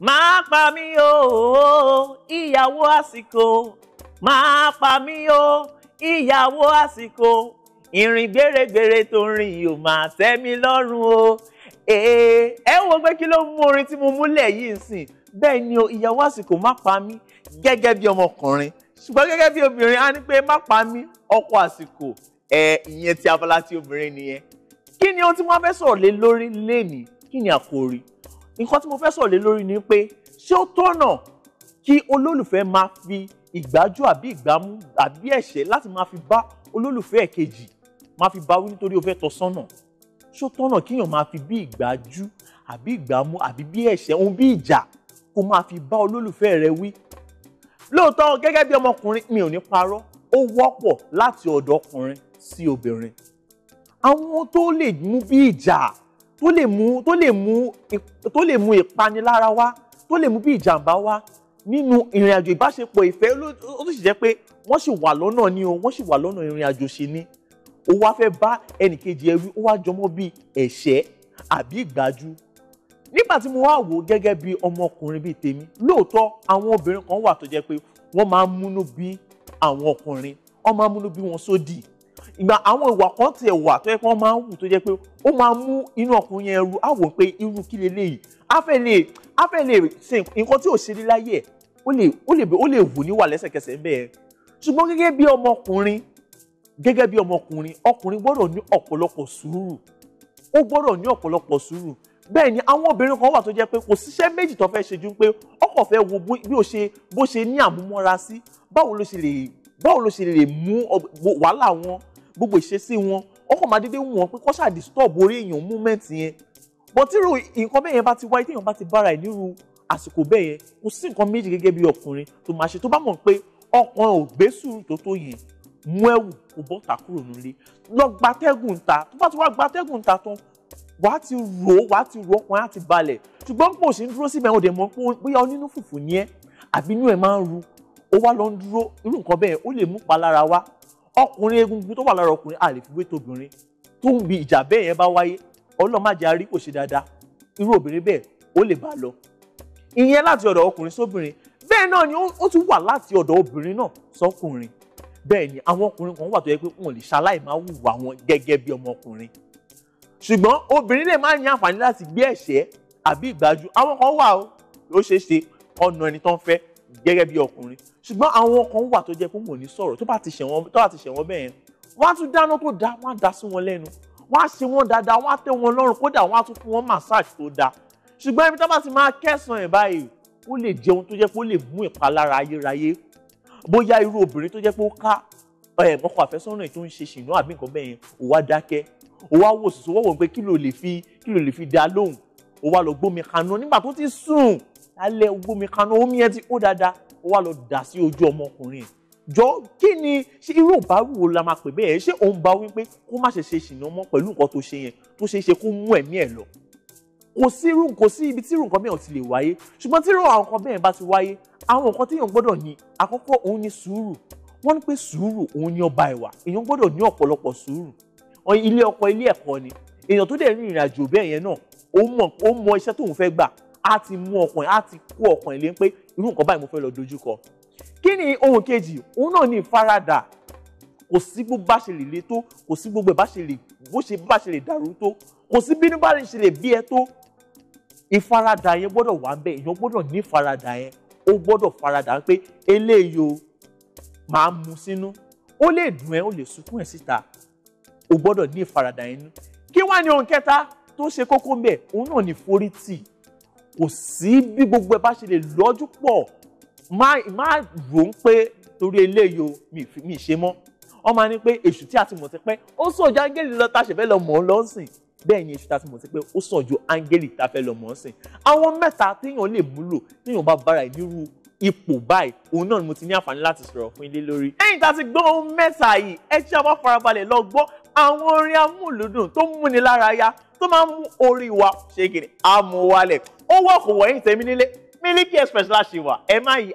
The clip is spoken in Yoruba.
máa pa mí o ìyàwó àsìkò máa pa mí o ìyàwó àsìkò ìrìn gbèrègbèrè tó rìn yìí ò máa tẹ́ mi lọ́rùn o ẹ wo pé kí ló mú orin tí mo múlẹ̀ yìí sìn bẹ́ẹ̀ ni o ìyàwó àsìkò má pa mí gẹ́gẹ́ bí ọmọkùnrin ṣùgbọ́n gẹ́gẹ́ bí obìnrin á ní pé má pa mí ọkọ àsìkò ẹ ìyẹn ti abala ti obìnrin nìyẹn kí ni ohun tí wọ́n fẹ́ sọ̀rọ̀ lé lórí lénìí kí ni àkòrí nǹkan tí mo fẹ́ sọ̀rọ̀ lé lórí ni pé ṣé ó tọ̀nà kí olólùfẹ́ máa fi ìgbájú àbí ìgbámú àbí ẹ̀ṣẹ́ láti máa fi bá olólùfẹ́ ẹ̀ kejì máa fi báwí nítorí o fẹ́ tọ́ sọ́nà ṣó tọ̀nà kíyàn máa fi bí ìgbájú àbí ìgbámú àbí bí ẹ̀ṣẹ́ òun bí ìjà kó máa fi bá olólùfẹ́ rẹ wí lóòótọ́ gẹ́gẹ́ bí ọmọkùnrin mi ò ní parọ́ ó wọ́pọ̀ láti ọ̀dọ̀ ọkùnrin sí obìnrin àwọn tó lè mú bí ìjà tó lè mú tó lè mú tó lè mú ìpanilára wá tó lè mú bí ìjàmbá wá nínú ìrìn àjò ìbáṣepọ̀ ìfẹ́ ó sì jẹ́ pé wọ́n sì wà lọ́nà ni o wọ́n sì wà lọ́nà ìrìn àjò ṣe ni ó wá fẹ́ bá ẹnìkejì ẹ wí ó wá jọmọ́ bí ẹ̀ṣẹ́ àbí ìgbájú nígbà tí mo wá wò ó gẹ́gẹ́ bí ọmọkùnrin bíi tèmi lóòótọ́ àwọn obìnrin kan wà tó jẹ́ pé wọ́n máa ń múnú bí àwọn ọkùnrin wọ́n máa ń múnú bí wọn sódì. So ìgbà àwọn ìwà kan tiẹ̀ wà tó yẹ kí wọ́n máa ń wù tó jẹ́ pé ó máa mú inú ọkùnrin yẹn ru á wò pé irú kí leléyìí á fẹ́ lè á fẹ́ lè ṣe nǹkan tí ò ṣe ní láyé ẹ̀ ó lè ó lè ó lè wù níwà lẹ́sẹ̀kẹsẹ̀ bẹ́ẹ̀ ṣùgbọ́n gẹ́gẹ́ bí ọmọkùnrin gẹ́gẹ́ bí ọmọkùnrin ọkùnrin gbọ́dọ̀ ní ọ̀pọ̀lọpọ̀ sùúrù ó gbọ́dọ̀ ní ọ̀pọ̀lọpọ̀ sùúrù bẹ́ẹ̀ ni àwọn obìnrin kan wà tó jẹ́ pé kò síṣẹ́ méjì tó fẹ́ ṣe ju pé ọkọ fẹ́ wo bí ó ṣe bó ṣe ní àmúmọ́ra sí báwo ló ṣe lè báwo ló ṣe lè mú wàhálà wọn gbogbo ìṣesí wọn ọkọ̀ máa dédé wù wọn pé kọ́ ṣáà disturb orí èèyàn moment yẹn but tírú nǹkan bẹ́ẹ̀ yẹn bá ti wáyé téèyàn bá ti bára ẹ̀ nírú àsìkò bẹ́ẹ̀ yẹn kò sí nǹkan méjì gẹ́gẹ́ bí ọkùnrin tó máa ṣe tó bá mọ̀ pé ọkàn ò gbé sùúrù tó tó yẹn mú ẹ̀wù kò bọ́ta kúrò nílé lọ gbatẹ́gùn ta tó bá ti wá gbatẹ́gùn ta tán wàá ti rò ó wàá ti rò ọkùnrin àti balẹ̀ ṣùgbọ́n pò sí ń dúró síbẹ̀ ọ̀dẹ̀ mọ́ pé bóyá onínú fùfù ni ẹ́ àbínú ẹ̀ máa ń ru ó wá lọ ń dúró irú nǹkan bẹ́ẹ̀ ó lè mú palára wá ọkùnrin egungun tó wà lára ọkùnrin a lè fi wé tóbìnrin tó ń bi ìjà bẹ́ẹ̀ yẹn bá wáyé ọlọ́run má jẹ́ a rí kò ṣe dáadáa irú obìnrin bẹ́ẹ̀ ó lè bá lọ ìyẹn láti ọ̀dọ̀ ọkùnrin sóbìnrin bẹ́ẹ̀ náà ni ó tún wà láti ọ̀dọ̀ obìnrin náà sọkùnrin bẹ́ẹ̀ ni àwọn ọkùnrin kan wà tó yẹ pé wọn lè ṣaláì máa wùwà wọn gẹ́gẹ́ bí ọmọkùnrin ṣùgbọ́n obìnrin lè má ní àǹfààní láti gbé ẹ̀ṣẹ́ àbí ìgbájú àwọn kan wà ó ṣeé ṣe ọ̀nà ẹni tó ń gẹ́gẹ́ bí ọkùnrin ṣùgbọ́n àwọn kan wà tó jẹ́ pé wọn ò ní sọ̀rọ̀ tó bá ti ṣẹ̀ wọ́n tó bá ti ṣẹ̀ wọ́n bẹ́ẹ̀ yẹn wọ́n á tún dáná tó dáa wọ́n á dá sí wọn lẹ́nu wọ́n á ṣe wọn dáadáa wọ́n á tẹ́ wọn lọ́rùn kódà wọ́n á tún fún wọn massage tó dáa ṣùgbọ́n ibi tó bá ti máa kẹ́sàn-án ẹ̀ báyìí ó lè jẹ́ ohun tó jẹ́ pé ó lè mú ìpalára ayérayé bóyá irú obìnrin tó jẹ́ pé ó ká ọkọ àfẹ́sọ́nà tó ń ṣe ṣìnà àbí nǹkan bẹ́ẹ̀ yẹn ó wá dákẹ́ ó wá wò sùn wọ́wọ́ pé kí ló lè fi alẹ́ omi kaná omi ẹ ti ó dáadáa ó wá lọ dà sí ojú ọmọkùnrin jọ kí ni ṣé irú òbá wo la máa pè bẹ́ẹ̀ ṣé òun bá wípé kó má ṣe ṣe ṣìnà mọ́ pẹ̀lú nǹkan tó ṣe yẹn tó ṣe é ṣe kó mú ẹ̀mí ẹ̀ lọ kò sí irú kò sí ibi tí irú nǹkan bẹ́ẹ̀ ti lè wáyé ṣùgbọ́n tí irú àwọn nǹkan bẹ́ẹ̀ bá ti wáyé àwọn nǹkan tí èèyàn gbọ́dọ̀ ní àkọ́kọ́ òun ni sùúrù wọ́n ní pé sùúrù òun ni ọba ìwà èèyàn gbọ́dọ̀ ní ọ̀pọ̀lọpọ̀ sùúrù ilé ọkọ ilé ẹ̀kọ́ ni èèyàn tó dẹ̀ rin àjò bẹ́ẹ̀ yẹn náà ó mọ iṣẹ́ tóun fẹ́ gbà á ti mú ọkàn á ti kó ọkàn ilé pé irú nǹkan báyìí mo fẹ́ lọ dojúkọ kí ni ohun kejì òun náà ní ìfaradà kò sí bó bá ṣe lè le tó kò sí gbogbo bá ṣe lè bó ṣe bá ṣe lè dàrú tó kò sí bínú bá ṣe lè bí ẹ tó ìfaradà yẹn gbọ́dọ̀ wà bẹ́ẹ̀ èèyàn gbọ́dọ̀ ní ìfaradà yẹn ó gbọ́dọ̀ faradà pé eléyìí o máa mu sínú ó lè dùn ẹ́ ó lè sunkún ẹ̀ síta ó gbọ́dọ̀ ní ìfaradà yẹn nú kí wá ní ohun kẹta tó ṣe kókó bẹ́ẹ̀ òun náà ní forítì kò sí bí gbogbo ẹ bá ṣe lè lọ́jú pọ̀ má rò ó pé torí eléyìí o mi ṣe mọ́ wọ́n máa ní pé èṣù tí a ti mọ̀ ti pẹ́ ó sọ ju áńgẹ́lì lọ tá a ṣẹ̀fẹ́ lọ mọ̀ ọ́ lọ́sìn bẹ́ẹ̀ ni èṣù tá a ti mọ̀ ti pẹ́ ó sọ ju áńgẹ́lì tá a fẹ́ lọ mọ̀ ọ́ sìn àwọn mẹ́ta téèyàn lè múlò téèyàn bá bára ẹ̀ ipò báyìí òun náà ni mo ti ní àǹfààní láti sọ̀rọ̀ fún ilé lórí. lẹ́yìn tá a ti gbọ́ ohun mẹ́ta yìí ẹ ṣe àwọn farabalẹ̀ lọ gbọ́ àwọn orin amúlùdùn tó múni lára ya tó máa ń mú orí wa ṣe kiri àmúwalẹ̀ ó wọ̀kù wọ̀nyí tèmi nílé Miliki Express la ṣì wà ẹ má yí